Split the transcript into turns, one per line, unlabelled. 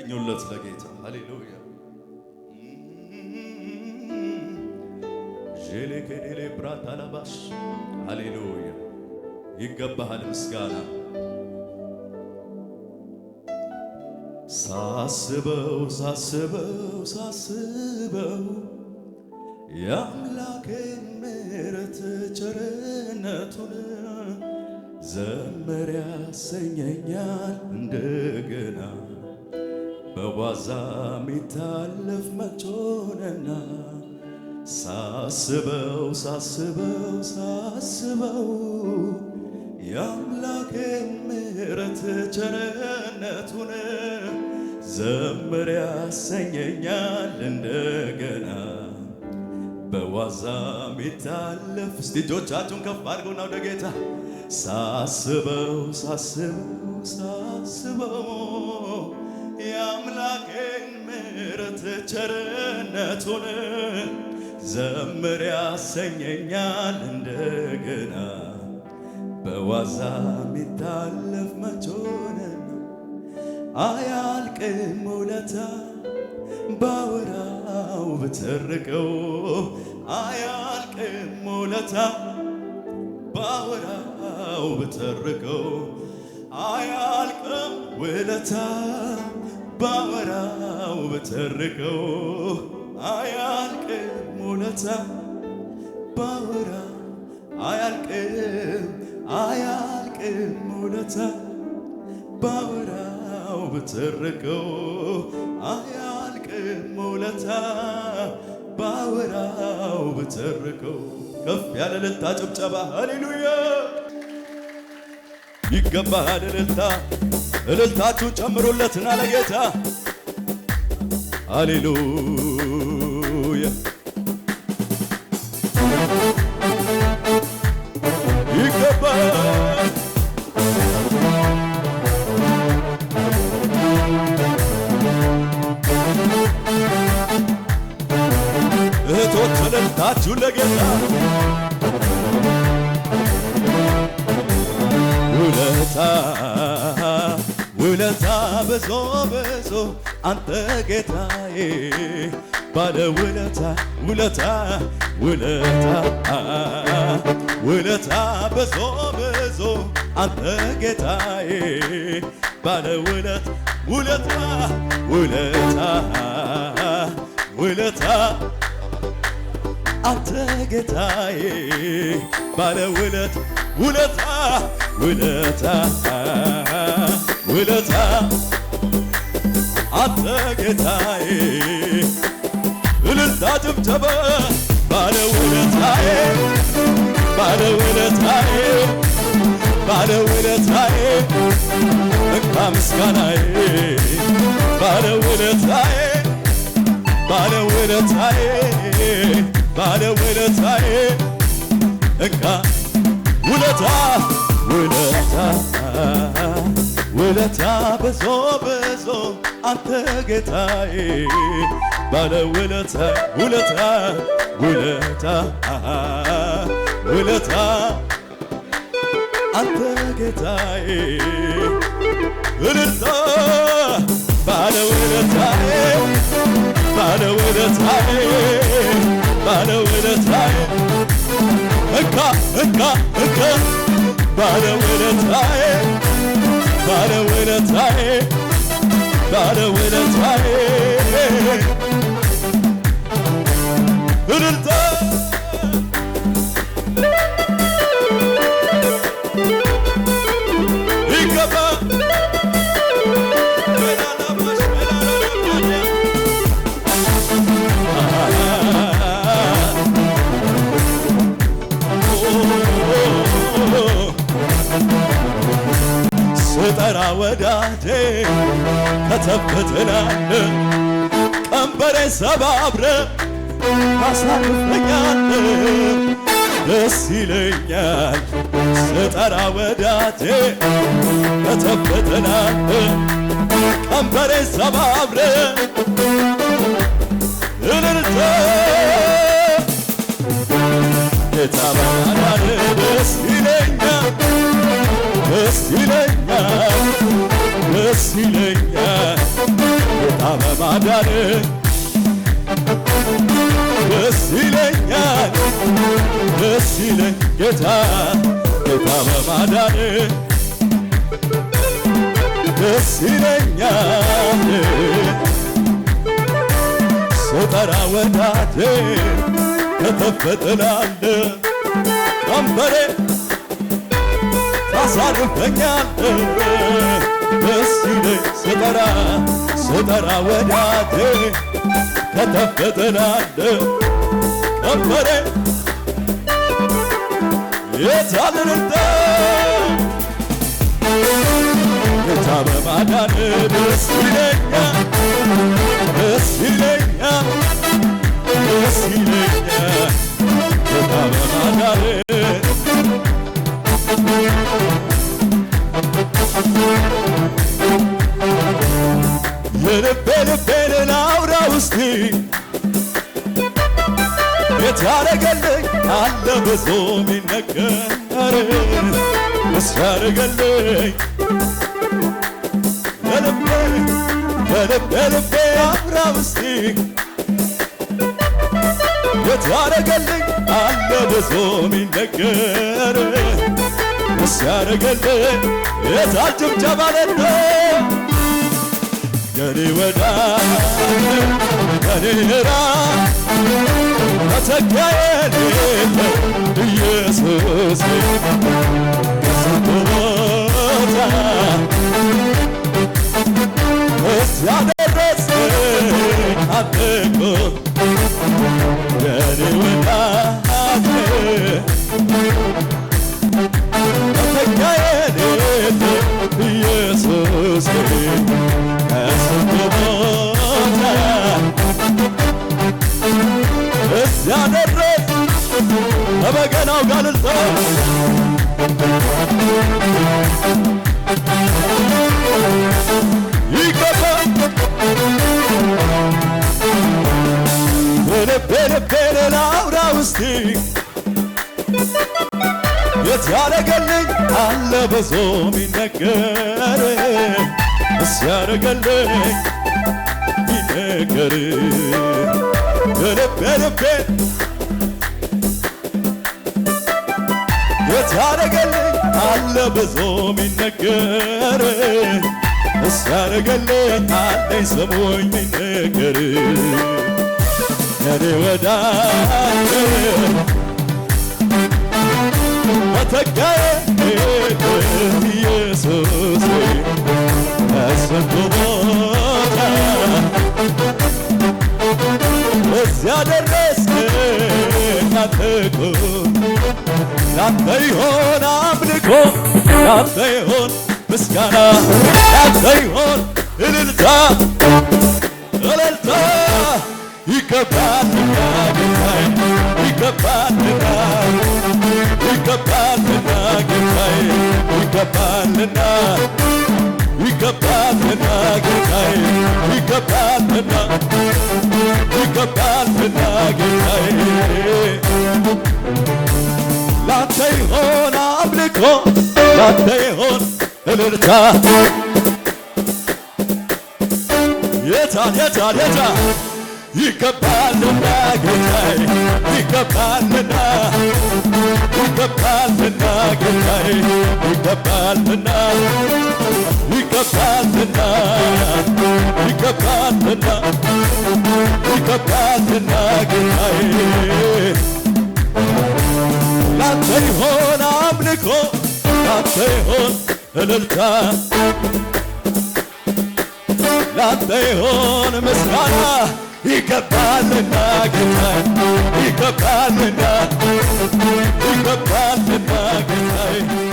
ተገኙለት ለጌታ ሃሌሉያ ሌከሌ ብራት አላባሽ ሃሌሉያ ይገባሃል ምስጋና ሳስበው ሳስበው ሳስበው የአምላኬን ምሕረት ቸርነቱን ዘመር ያሰኘኛል እንደገና በዋዛ ሚታለፍ መቶነና ሳስበው ሳስበው ሳስበው የአምላክ ምሕረት ቸርነቱን ዘምር ያሰኘኛል እንደገና በዋዛ ሚታለፍ እስቲ እጆቻችሁን ከፍ አድርጉና ወደ ጌታ ሳስበው ሳስበው ሳስበው ቸርነቱን ዘምር ያሰኘኛል እንደገና በዋዛ የሚታለፍ መቼ አያልቅም ውለታ ባወራው ብተርከው አያልቅም ውለታ ባወራው ብተርከው አያልቅም ውለታ ባወራው በተርከው አያልቅም ውለታ ባወራ አያልቅም አያልቅም ውለታ ባወራው በተርከው አያልቅም ውለታ ባወራው በተርከው ከፍ ያለ እልልታ ጭብጨባ ሃሌሉያ ይገባሃል እልልታ እልልታችሁን ጨምሩለትና ለጌታ ሃሌሉያ ይገባል። ለጌታ ውለታ ውለታ ብዙ በዞ አንተ ጌታዬ ባለ ውለታ ውለታ ውለታ ውለታ ብዙ ብዙ አንተ ጌታዬ ባለ ውለት ውለታ ውለታ ውለታ አንተ ጌታዬ ባለ ውለት ውለታ ውለታ ውለታ አንተ ጌታዬ እልልታ ጭብጨባ ባለ ውለታዬ ባለ ውለታዬ ባለ ውለታዬ ለካ ምስጋናዬ ባለ ውለታዬ ባለ ውለታዬ ባለ ውለታዬ ለካ ውለታ ውለታ ውለታ በዞ በዞ አንተ ጌታዬ ባለ ውለታ ውለታ ውለታ ውለታ አንተ ጌታዬ ውለታ ባለ ውለታዬ ባለ ውለታዬ ባለ ውለታዬ እካ እካ እካ ባለ ውለታዬ ባለውለታዬ ባለውለታዬ እልልታ ተራራ ወዳጄ ተተፈትናለ ቀንበሬ ሰባብረ ታሳልፈኛለ ደስ ይለኛል ስጠራ ወዳጄ ተተፈትናለ ቀንበሬ ሰባብረ እልልተ ጌታ ባዳነ ደስ ይለኛል ደስ ይለኛል ደስ ይለኛል ጌታ በማዳን ደስ ይለኛል ደስ ይለኝ ጌታ ጌታ በማዳን ደስ ይለኛል ስጠራ ወዳቴ ከተፈጥላለ አንበሬ ታሳርፈኛለህ ደስ ይለኝ ስጠራ ስጠራ ወዳጄ ከተፈተናለህ ከበሬ የታልርደ ጌታ በማዳን ደስ ይለኛል ደስ ይለኛል ደስ ይለኛል ጌታ በማዳን አለ ብዙ ሚነገር እስያርገልኝ በልቤ በልቤ ልቤ አብራ ውስጢ የታረገልኝ አለ ብዙ ሚነገር እስያርገልኝ የታል ጭብጨባ ለለ የኔ ወዳጅ የኔ ራ የተተካየል ኢየሱስ ስንቱ ያደረግ ከበገናው ጋር ልልታ ይገባ ልቤ ልቤ የት ያረገልኝ አለ በዞ ሚነገር እስ ያረገልኝ ሚነገር ልቤ ልቤ የታረገልኝ አለ ብዙ ሚነገር እሳረገልኝ አለኝ ስሙኝ ሚነገር የኔ ወዳጅ መተካዬ ኢየሱስ ተሰንቶ አምልኮ ላንተ ይሆን አምልኮ ላንተ ይሆን ምስጋና ላንተ ይሆን እልልታ እልልታ ይገባል ይገባልና ጌታዬ ይገባልና ይገባልና ጌታዬ ይገባልና ይገባል ላንተ ይሆን እልልታ የታን የታን የታ ይገባልና ጌታዬ ይገባልና ይገባልና ጌታዬ ይገባልና ይገባልና ይገባልና ይገባልና ጌታዬ ላንተ ይሆን አምልኮ ላንተ ይሆን እልልታ ላንተ ይሆን ምስጋና ይገባልና ጌታ ይገባልና ይገባልና ጌታ